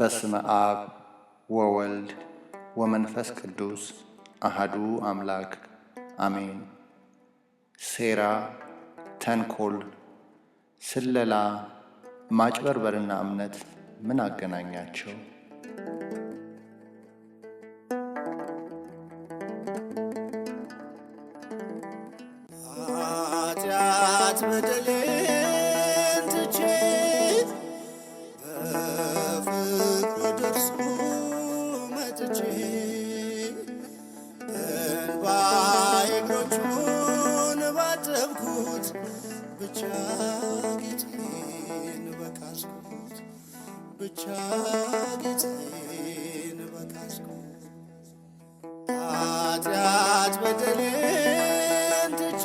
በስመ አብ ወወልድ ወመንፈስ ቅዱስ አሃዱ አምላክ አሜን። ሴራ፣ ተንኮል፣ ስለላ፣ ማጭበርበርና እምነት ምን አገናኛቸው? ኃጢአት፣ ጌጤን በካስኩ ኃጢአት በደሌን ትቼ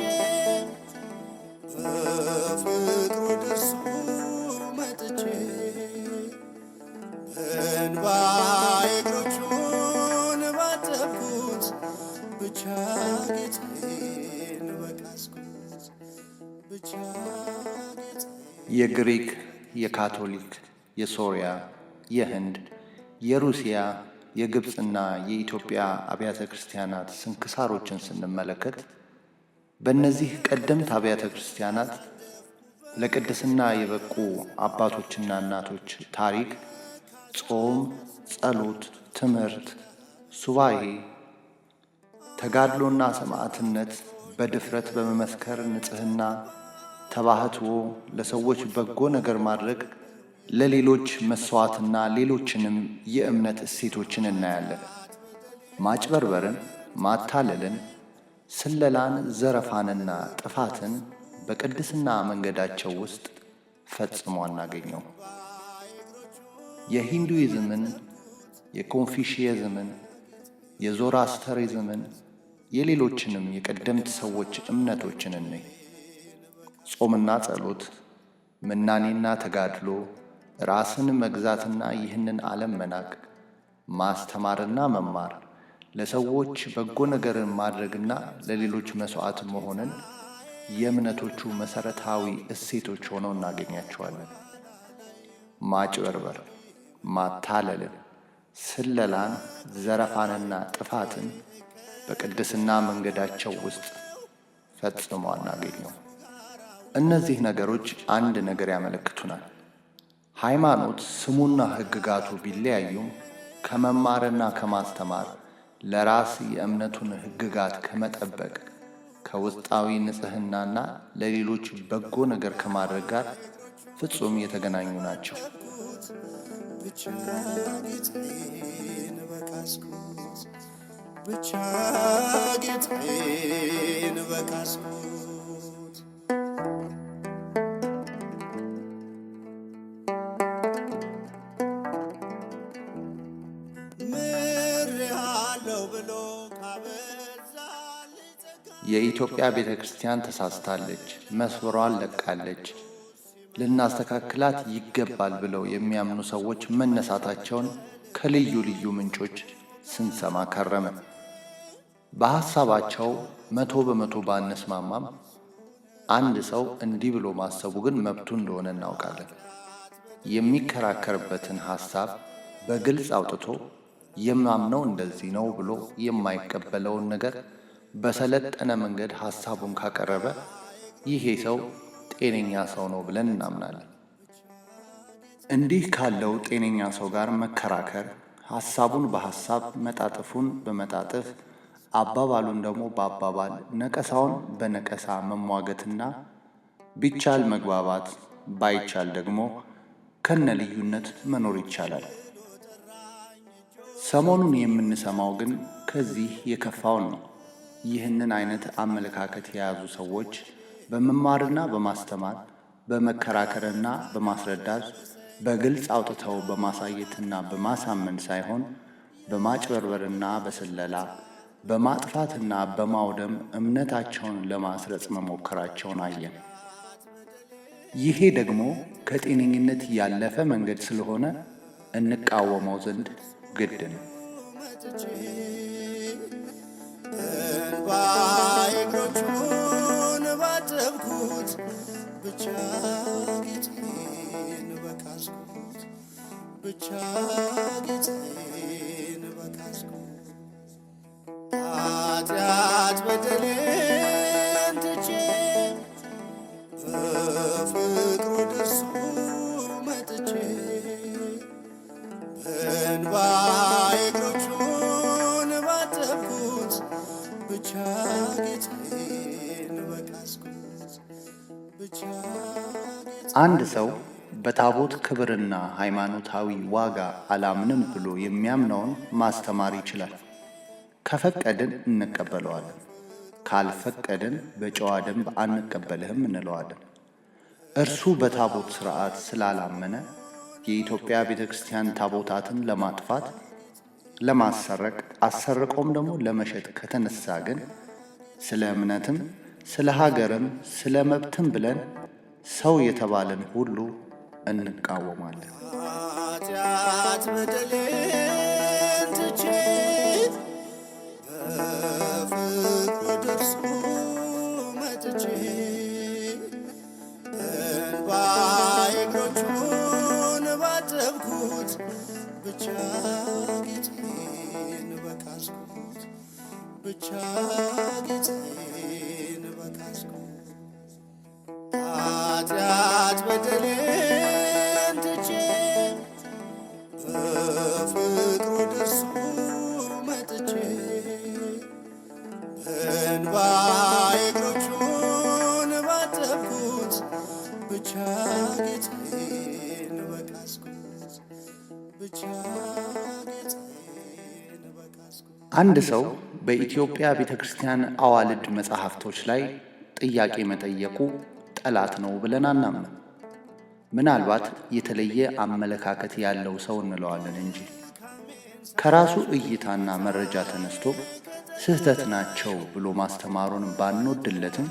በፍቅሩ መጥቼ እግሮቹን ባጠብኩት ብቻ የግሪክ የካቶሊክ የሶሪያ፣ የህንድ፣ የሩሲያ የግብፅና የኢትዮጵያ አብያተ ክርስቲያናት ስንክሳሮችን ስንመለከት በእነዚህ ቀደምት አብያተ ክርስቲያናት ለቅድስና የበቁ አባቶችና እናቶች ታሪክ ጾም፣ ጸሎት፣ ትምህርት፣ ሱባኤ፣ ተጋድሎና ሰማዕትነት በድፍረት በመመስከር ንጽህና፣ ተባህትዎ ለሰዎች በጎ ነገር ማድረግ ለሌሎች መሥዋዕትና ሌሎችንም የእምነት እሴቶችን እናያለን። ማጭበርበርን፣ ማታለልን፣ ስለላን፣ ዘረፋንና ጥፋትን በቅድስና መንገዳቸው ውስጥ ፈጽሞ አናገኘው። የሂንዱይዝምን፣ የኮንፊሽየዝምን፣ የዞራስተሪዝምን የሌሎችንም የቀደምት ሰዎች እምነቶችን እንይ። ጾምና ጸሎት፣ ምናኔና ተጋድሎ ራስን መግዛትና ይህንን ዓለም መናቅ፣ ማስተማርና መማር፣ ለሰዎች በጎ ነገርን ማድረግና ለሌሎች መሥዋዕት መሆንን የእምነቶቹ መሠረታዊ እሴቶች ሆነው እናገኛቸዋለን። ማጭበርበር፣ ማታለልን፣ ስለላን፣ ዘረፋንና ጥፋትን በቅድስና መንገዳቸው ውስጥ ፈጽሞ አናገኘው። እነዚህ ነገሮች አንድ ነገር ያመለክቱናል። ሃይማኖት ስሙና ሕግጋቱ ቢለያዩም ከመማርና ከማስተማር ለራስ የእምነቱን ሕግጋት ከመጠበቅ ከውስጣዊ ንጽህናና ለሌሎች በጎ ነገር ከማድረግ ጋር ፍጹም የተገናኙ ናቸው። ብቻ ጌጤን በቃስኩት የኢትዮጵያ ቤተ ክርስቲያን ተሳስታለች፣ መስመሯን ለቃለች፣ ልናስተካክላት ይገባል ብለው የሚያምኑ ሰዎች መነሳታቸውን ከልዩ ልዩ ምንጮች ስንሰማ ከረመ። በሐሳባቸው መቶ በመቶ ባንስማማም አንድ ሰው እንዲህ ብሎ ማሰቡ ግን መብቱ እንደሆነ እናውቃለን። የሚከራከርበትን ሐሳብ በግልጽ አውጥቶ የማምነው እንደዚህ ነው ብሎ የማይቀበለውን ነገር በሰለጠነ መንገድ ሐሳቡን ካቀረበ ይሄ ሰው ጤነኛ ሰው ነው ብለን እናምናለን። እንዲህ ካለው ጤነኛ ሰው ጋር መከራከር፣ ሐሳቡን በሐሳብ መጣጥፉን በመጣጥፍ አባባሉን ደግሞ በአባባል ነቀሳውን በነቀሳ መሟገትና ቢቻል መግባባት ባይቻል ደግሞ ከነ ልዩነት መኖር ይቻላል። ሰሞኑን የምንሰማው ግን ከዚህ የከፋውን ነው። ይህንን አይነት አመለካከት የያዙ ሰዎች በመማርና በማስተማር በመከራከርና በማስረዳት በግልጽ አውጥተው በማሳየትና በማሳመን ሳይሆን በማጭበርበርና በስለላ በማጥፋትና በማውደም እምነታቸውን ለማስረጽ መሞከራቸውን አየን። ይሄ ደግሞ ከጤነኝነት ያለፈ መንገድ ስለሆነ እንቃወመው ዘንድ ግድ ነው። እግሮቹን ባጠብኩት ብቻ ጌጤን በካስኩት ብቻ ጌጤን በካስኩት ኃጢአት በደሌ ብቻ አንድ ሰው በታቦት ክብርና ሃይማኖታዊ ዋጋ አላምንም ብሎ የሚያምነውን ማስተማር ይችላል። ከፈቀድን እንቀበለዋለን፣ ካልፈቀድን በጨዋ ደንብ አንቀበልህም እንለዋለን። እርሱ በታቦት ሥርዓት ስላላመነ የኢትዮጵያ ቤተ ክርስቲያን ታቦታትን ለማጥፋት ለማሰረቅ አሰርቆም ደግሞ ለመሸጥ ከተነሳ ግን ስለ እምነትም ስለ ሀገርም ስለ መብትም ብለን ሰው የተባለን ሁሉ እንቃወማለን። አንድ ሰው በኢትዮጵያ ቤተ ክርስቲያን አዋልድ መጽሐፍቶች ላይ ጥያቄ መጠየቁ ጠላት ነው ብለን አናምን። ምናልባት የተለየ አመለካከት ያለው ሰው እንለዋለን እንጂ ከራሱ እይታና መረጃ ተነስቶ ስህተት ናቸው ብሎ ማስተማሩን ባንወድለትም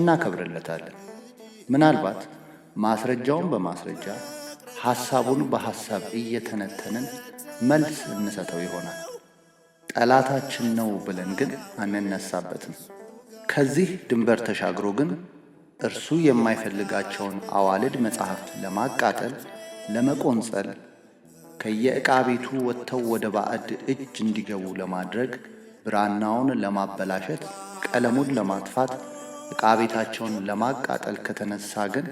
እናከብርለታለን። ምናልባት ማስረጃውን በማስረጃ ሐሳቡን በሐሳብ እየተነተንን መልስ እንሰጠው ይሆናል። ጠላታችን ነው ብለን ግን አንነሳበትም። ከዚህ ድንበር ተሻግሮ ግን እርሱ የማይፈልጋቸውን አዋልድ መጻሕፍት ለማቃጠል፣ ለመቆንጸል፣ ከየዕቃ ቤቱ ወጥተው ወደ ባዕድ እጅ እንዲገቡ ለማድረግ፣ ብራናውን ለማበላሸት፣ ቀለሙን ለማጥፋት፣ ዕቃ ቤታቸውን ለማቃጠል ከተነሳ ግን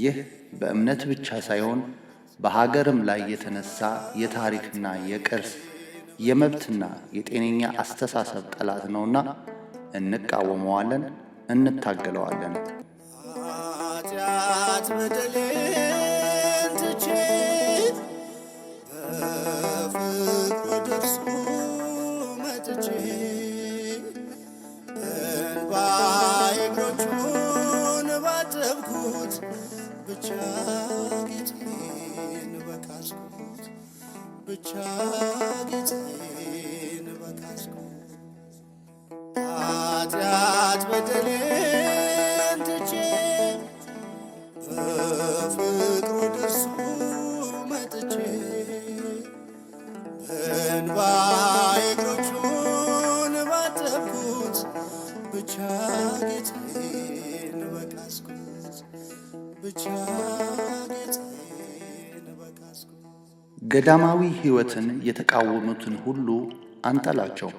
ይህ በእምነት ብቻ ሳይሆን በሀገርም ላይ የተነሳ የታሪክና የቅርስ የመብትና የጤነኛ አስተሳሰብ ጠላት ነውና እንቃወመዋለን፣ እንታገለዋለን። በካስኩት ብቻ ጌቴን በካስኩት ብቻ ጌቴን በካስኩት ገዳማዊ ሕይወትን የተቃወሙትን ሁሉ አንጠላቸው።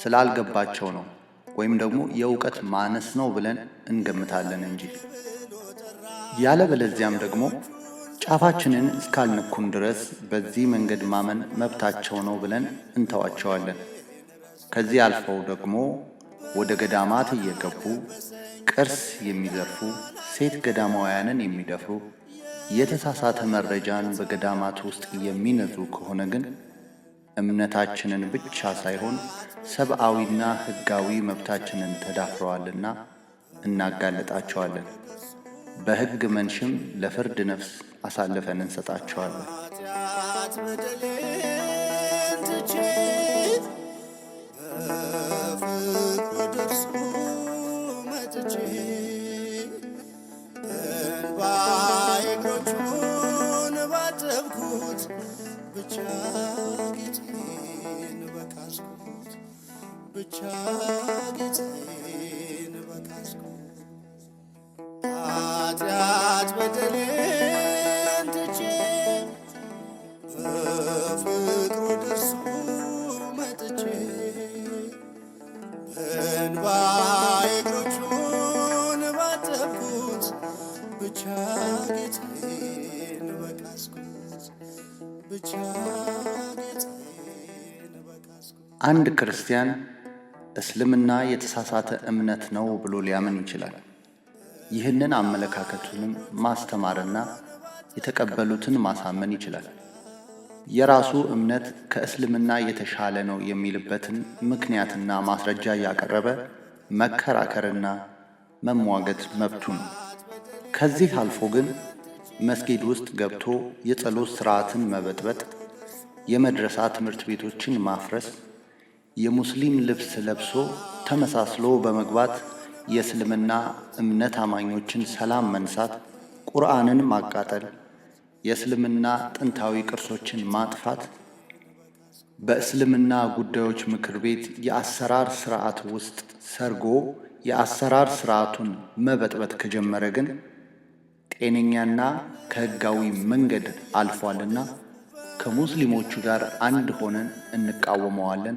ስላልገባቸው ነው ወይም ደግሞ የእውቀት ማነስ ነው ብለን እንገምታለን እንጂ ያለበለዚያም ደግሞ ጫፋችንን እስካልነኩን ድረስ በዚህ መንገድ ማመን መብታቸው ነው ብለን እንተዋቸዋለን። ከዚህ አልፈው ደግሞ ወደ ገዳማት እየገቡ ቅርስ የሚዘርፉ ሴት ገዳማውያንን የሚደፍሩ የተሳሳተ መረጃን በገዳማት ውስጥ የሚነዙ ከሆነ ግን እምነታችንን ብቻ ሳይሆን ሰብአዊና ሕጋዊ መብታችንን ተዳፍረዋልና እናጋለጣቸዋለን። በሕግ መንሽም ለፍርድ ነፍስ አሳልፈን እንሰጣቸዋለን። ብቻ ጌጤን በካስኩት ብቻ ጌጤ አንድ ክርስቲያን እስልምና የተሳሳተ እምነት ነው ብሎ ሊያምን ይችላል። ይህንን አመለካከቱንም ማስተማርና የተቀበሉትን ማሳመን ይችላል። የራሱ እምነት ከእስልምና የተሻለ ነው የሚልበትን ምክንያትና ማስረጃ እያቀረበ መከራከርና መሟገት መብቱ ነው። ከዚህ አልፎ ግን መስጊድ ውስጥ ገብቶ የጸሎት ሥርዓትን መበጥበጥ፣ የመድረሳ ትምህርት ቤቶችን ማፍረስ የሙስሊም ልብስ ለብሶ ተመሳስሎ በመግባት የእስልምና እምነት አማኞችን ሰላም መንሳት፣ ቁርአንን ማቃጠል፣ የእስልምና ጥንታዊ ቅርሶችን ማጥፋት በእስልምና ጉዳዮች ምክር ቤት የአሰራር ስርዓት ውስጥ ሰርጎ የአሰራር ስርዓቱን መበጥበት ከጀመረ ግን ጤነኛና ከህጋዊ መንገድ አልፏልና ከሙስሊሞቹ ጋር አንድ ሆነን እንቃወመዋለን።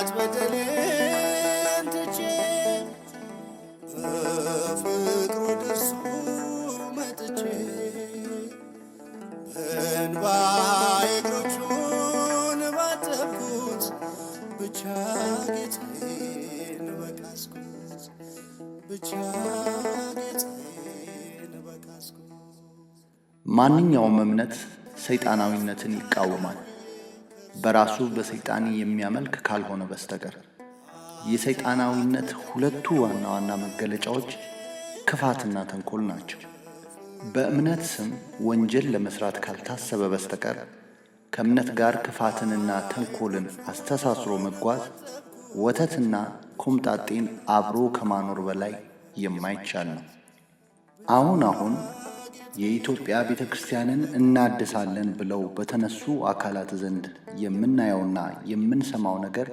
ማንኛውም እምነት ሰይጣናዊነትን ይቃወማል፣ በራሱ በሰይጣን የሚያመልክ ካልሆነ በስተቀር። የሰይጣናዊነት ሁለቱ ዋና ዋና መገለጫዎች ክፋትና ተንኮል ናቸው። በእምነት ስም ወንጀል ለመስራት ካልታሰበ በስተቀር ከእምነት ጋር ክፋትንና ተንኮልን አስተሳስሮ መጓዝ ወተትና ኮምጣጤን አብሮ ከማኖር በላይ የማይቻል ነው። አሁን አሁን የኢትዮጵያ ቤተ ክርስቲያንን እናድሳለን ብለው በተነሱ አካላት ዘንድ የምናየውና የምንሰማው ነገር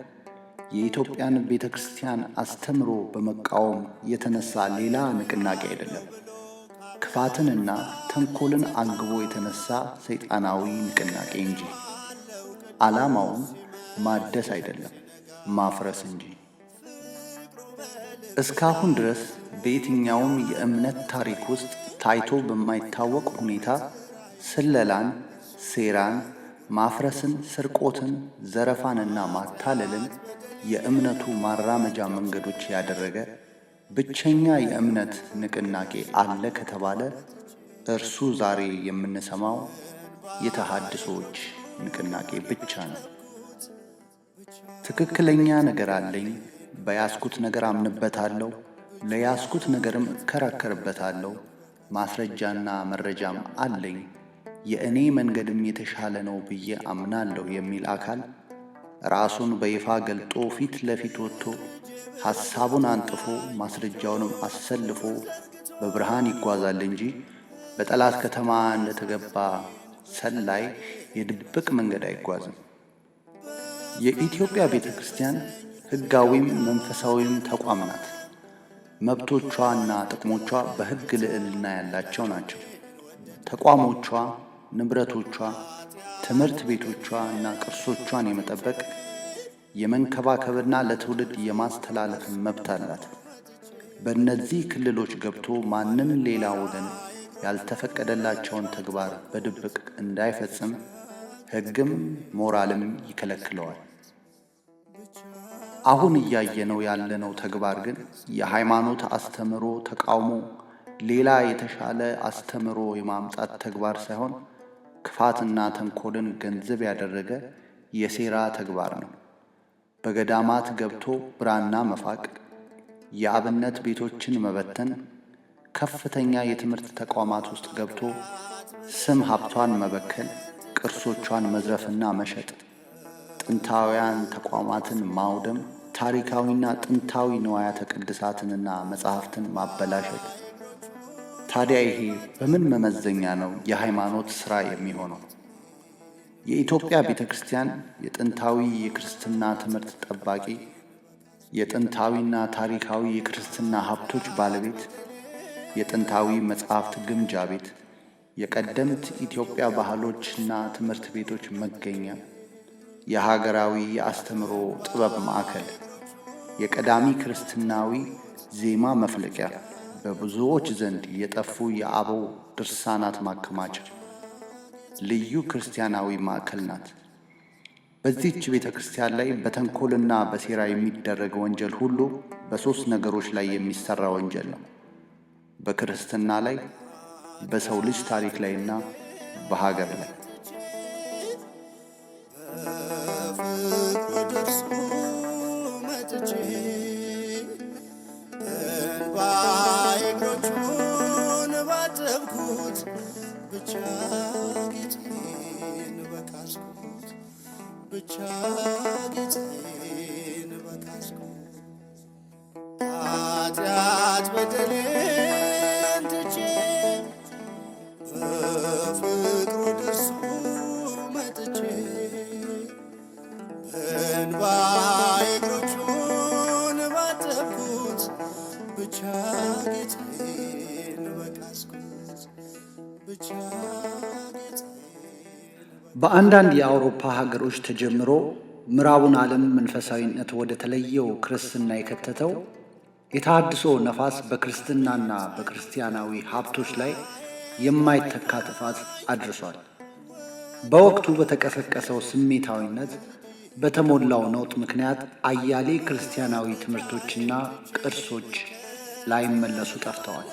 የኢትዮጵያን ቤተ ክርስቲያን አስተምሮ በመቃወም የተነሳ ሌላ ንቅናቄ አይደለም። ክፋትንና ተንኮልን አግቦ የተነሳ ሰይጣናዊ ንቅናቄ እንጂ አላማውን ማደስ አይደለም፣ ማፍረስ እንጂ። እስካሁን ድረስ በየትኛውም የእምነት ታሪክ ውስጥ ታይቶ በማይታወቅ ሁኔታ ስለላን፣ ሴራን፣ ማፍረስን፣ ስርቆትን፣ ዘረፋንና ማታለልን የእምነቱ ማራመጃ መንገዶች ያደረገ ብቸኛ የእምነት ንቅናቄ አለ ከተባለ እርሱ ዛሬ የምንሰማው የተሃድሶዎች ንቅናቄ ብቻ ነው። ትክክለኛ ነገር አለኝ፣ በያዝኩት ነገር አምንበታለሁ፣ ለያዝኩት ነገርም እከራከርበታለሁ ማስረጃና መረጃም አለኝ፣ የእኔ መንገድም የተሻለ ነው ብዬ አምናለሁ የሚል አካል ራሱን በይፋ ገልጦ ፊት ለፊት ወጥቶ ሐሳቡን አንጥፎ ማስረጃውንም አሰልፎ በብርሃን ይጓዛል እንጂ በጠላት ከተማ እንደተገባ ሰላይ የድብቅ መንገድ አይጓዝም። የኢትዮጵያ ቤተ ክርስቲያን ሕጋዊም መንፈሳዊም ተቋም ናት። መብቶቿና ጥቅሞቿ በሕግ ልዕልና ያላቸው ናቸው። ተቋሞቿ፣ ንብረቶቿ፣ ትምህርት ቤቶቿ እና ቅርሶቿን የመጠበቅ የመንከባከብና ለትውልድ የማስተላለፍ መብት አላት። በእነዚህ ክልሎች ገብቶ ማንም ሌላ ወገን ያልተፈቀደላቸውን ተግባር በድብቅ እንዳይፈጽም ሕግም ሞራልም ይከለክለዋል። አሁን እያየነው ያለነው ተግባር ግን የሃይማኖት አስተምሮ ተቃውሞ፣ ሌላ የተሻለ አስተምሮ የማምጣት ተግባር ሳይሆን ክፋትና ተንኮልን ገንዘብ ያደረገ የሴራ ተግባር ነው። በገዳማት ገብቶ ብራና መፋቅ፣ የአብነት ቤቶችን መበተን፣ ከፍተኛ የትምህርት ተቋማት ውስጥ ገብቶ ስም ሀብቷን መበከል፣ ቅርሶቿን መዝረፍና መሸጥ፣ ጥንታውያን ተቋማትን ማውደም ታሪካዊና ጥንታዊ ንዋያተ ቅድሳትንና መጽሐፍትን ማበላሸት። ታዲያ ይሄ በምን መመዘኛ ነው የሃይማኖት ሥራ የሚሆነው? የኢትዮጵያ ቤተ ክርስቲያን የጥንታዊ የክርስትና ትምህርት ጠባቂ፣ የጥንታዊና ታሪካዊ የክርስትና ሀብቶች ባለቤት፣ የጥንታዊ መጽሐፍት ግምጃ ቤት፣ የቀደምት ኢትዮጵያ ባህሎችና ትምህርት ቤቶች መገኛ የሀገራዊ የአስተምሮ ጥበብ ማዕከል የቀዳሚ ክርስትናዊ ዜማ መፍለቂያ፣ በብዙዎች ዘንድ የጠፉ የአበው ድርሳናት ማከማቻ፣ ልዩ ክርስቲያናዊ ማዕከል ናት። በዚህች ቤተ ክርስቲያን ላይ በተንኮልና በሴራ የሚደረግ ወንጀል ሁሉ በሦስት ነገሮች ላይ የሚሠራ ወንጀል ነው፤ በክርስትና ላይ፣ በሰው ልጅ ታሪክ ላይና በሀገር ላይ። ብቻ ጌጤን በካስኩት ብቻ ጌጤን በአንዳንድ የአውሮፓ ሀገሮች ተጀምሮ ምዕራቡን ዓለም መንፈሳዊነት ወደ ተለየው ክርስትና የከተተው የተሃድሶ ነፋስ በክርስትናና በክርስቲያናዊ ሀብቶች ላይ የማይተካ ጥፋት አድርሷል። በወቅቱ በተቀሰቀሰው ስሜታዊነት በተሞላው ነውጥ ምክንያት አያሌ ክርስቲያናዊ ትምህርቶችና ቅርሶች ላይመለሱ ጠፍተዋል።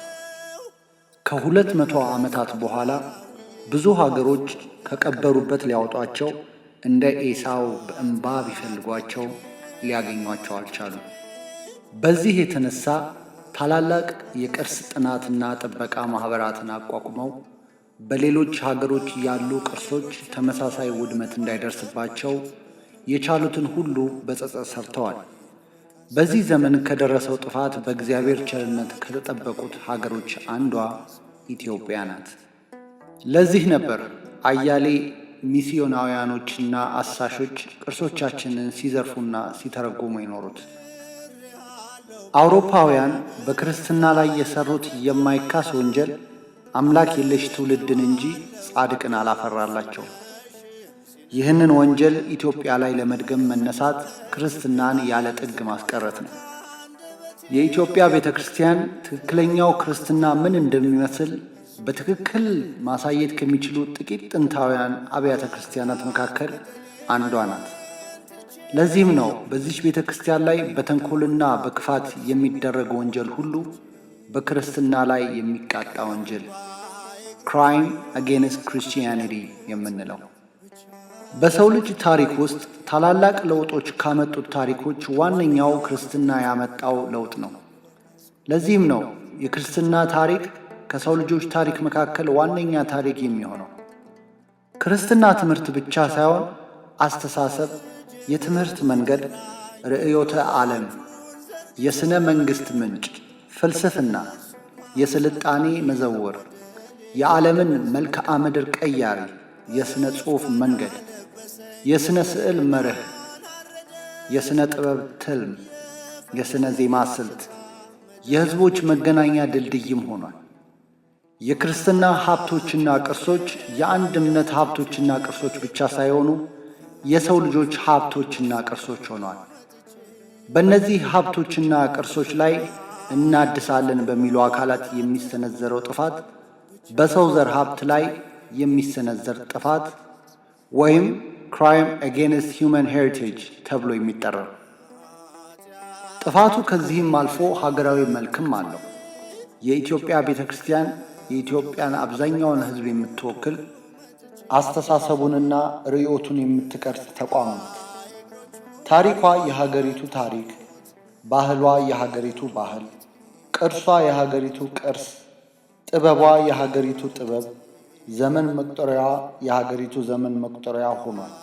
ከሁለት መቶ ዓመታት በኋላ ብዙ ሀገሮች ከቀበሩበት ሊያወጧቸው እንደ ኤሳው በእንባ ቢፈልጓቸው ሊያገኟቸው አልቻሉ። በዚህ የተነሳ ታላላቅ የቅርስ ጥናትና ጥበቃ ማኅበራትን አቋቁመው በሌሎች ሀገሮች ያሉ ቅርሶች ተመሳሳይ ውድመት እንዳይደርስባቸው የቻሉትን ሁሉ በጸጸት ሰርተዋል። በዚህ ዘመን ከደረሰው ጥፋት በእግዚአብሔር ቸርነት ከተጠበቁት ሀገሮች አንዷ ኢትዮጵያ ናት። ለዚህ ነበር አያሌ ሚስዮናውያኖችና አሳሾች ቅርሶቻችንን ሲዘርፉና ሲተረጉሙ ይኖሩት! አውሮፓውያን በክርስትና ላይ የሰሩት የማይካስ ወንጀል አምላክ የለሽ ትውልድን እንጂ ጻድቅን አላፈራላቸው። ይህንን ወንጀል ኢትዮጵያ ላይ ለመድገም መነሳት ክርስትናን ያለ ጥግ ማስቀረት ነው። የኢትዮጵያ ቤተ ክርስቲያን ትክክለኛው ክርስትና ምን እንደሚመስል በትክክል ማሳየት ከሚችሉ ጥቂት ጥንታውያን አብያተ ክርስቲያናት መካከል አንዷ ናት። ለዚህም ነው በዚች ቤተ ክርስቲያን ላይ በተንኮልና በክፋት የሚደረግ ወንጀል ሁሉ በክርስትና ላይ የሚቃጣ ወንጀል ክራይም አጌንስት ክርስቲያኒቲ የምንለው። በሰው ልጅ ታሪክ ውስጥ ታላላቅ ለውጦች ካመጡት ታሪኮች ዋነኛው ክርስትና ያመጣው ለውጥ ነው። ለዚህም ነው የክርስትና ታሪክ ከሰው ልጆች ታሪክ መካከል ዋነኛ ታሪክ የሚሆነው ክርስትና ትምህርት ብቻ ሳይሆን አስተሳሰብ፣ የትምህርት መንገድ፣ ርዕዮተ ዓለም፣ የሥነ መንግሥት ምንጭ፣ ፍልስፍና፣ የሥልጣኔ መዘውር፣ የዓለምን መልክዓ ምድር ቀያሪ፣ የሥነ ጽሑፍ መንገድ፣ የሥነ ስዕል መርህ፣ የሥነ ጥበብ ትልም፣ የሥነ ዜማ ስልት፣ የሕዝቦች መገናኛ ድልድይም ሆኗል። የክርስትና ሀብቶችና ቅርሶች የአንድ እምነት ሀብቶችና ቅርሶች ብቻ ሳይሆኑ የሰው ልጆች ሀብቶችና ቅርሶች ሆኗል። በእነዚህ ሀብቶችና ቅርሶች ላይ እናድሳለን በሚሉ አካላት የሚሰነዘረው ጥፋት በሰው ዘር ሀብት ላይ የሚሰነዘር ጥፋት ወይም ክራይም አጌንስት ሂውመን ሄሪቴጅ ተብሎ የሚጠራው ጥፋቱ ከዚህም አልፎ ሀገራዊ መልክም አለው። የኢትዮጵያ ቤተ ክርስቲያን የኢትዮጵያን አብዛኛውን ሕዝብ የምትወክል አስተሳሰቡንና ርዕዮቱን የምትቀርጽ ተቋም ናት። ታሪኳ የሀገሪቱ ታሪክ፣ ባህሏ የሀገሪቱ ባህል፣ ቅርሷ የሀገሪቱ ቅርስ፣ ጥበቧ የሀገሪቱ ጥበብ፣ ዘመን መቁጠሪያ የሀገሪቱ ዘመን መቁጠሪያ ሆኗል።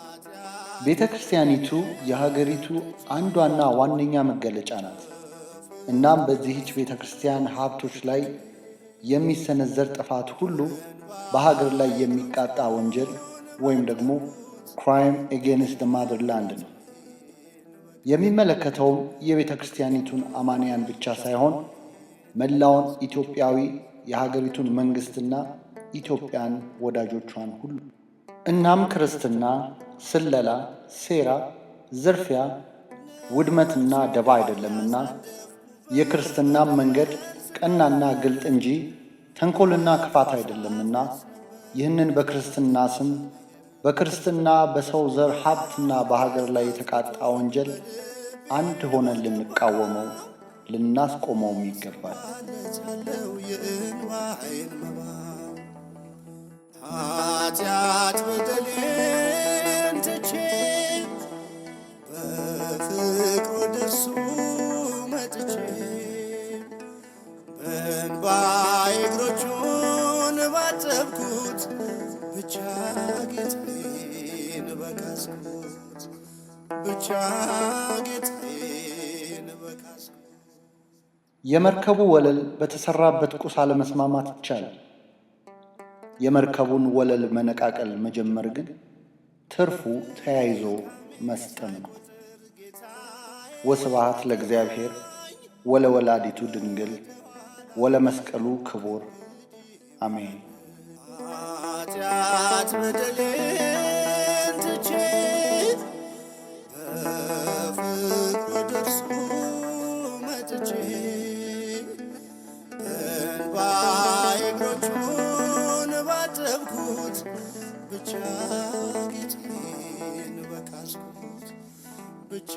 ቤተ ክርስቲያኒቱ የሀገሪቱ አንዷና ዋነኛ መገለጫ ናት። እናም በዚህች ቤተ ክርስቲያን ሀብቶች ላይ የሚሰነዘር ጥፋት ሁሉ በሀገር ላይ የሚቃጣ ወንጀል ወይም ደግሞ ክራይም ኤጌንስት ማድርላንድ ነው። የሚመለከተውም የቤተ ክርስቲያኒቱን አማንያን ብቻ ሳይሆን መላውን ኢትዮጵያዊ የሀገሪቱን መንግስትና ኢትዮጵያን ወዳጆቿን ሁሉ። እናም ክርስትና ስለላ፣ ሴራ፣ ዝርፊያ፣ ውድመትና ደባ አይደለምና የክርስትናም መንገድ ቀናና ግልጥ እንጂ ተንኮልና ክፋት አይደለምና ይህንን በክርስትና ስም በክርስትና በሰው ዘር ሀብትና በሀገር ላይ የተቃጣ ወንጀል አንድ ሆነን ልንቃወመው ልናስቆመውም ይገባል። ኃጢአት በደሌ ባይግሮቹን ባጠብኩት ብቻ ጌጤን ብቻ ጌጤን የመርከቡ ወለል በተሰራበት ቁስ አለመስማማት ይቻላል። የመርከቡን ወለል መነቃቀል መጀመር ግን ትርፉ ተያይዞ መስጠም ነው። ወስብሐት ለእግዚአብሔር ወለወላዲቱ ድንግል ወለመስቀሉ ክቡር አሜን። ኃጢአት በደሌን ትቼ በፍቅሩ ደርሶ መጥቼ እንባዬ እግሮቹን ባጠብኩት ብቻ ጌጤን በካዝኩት ብቻ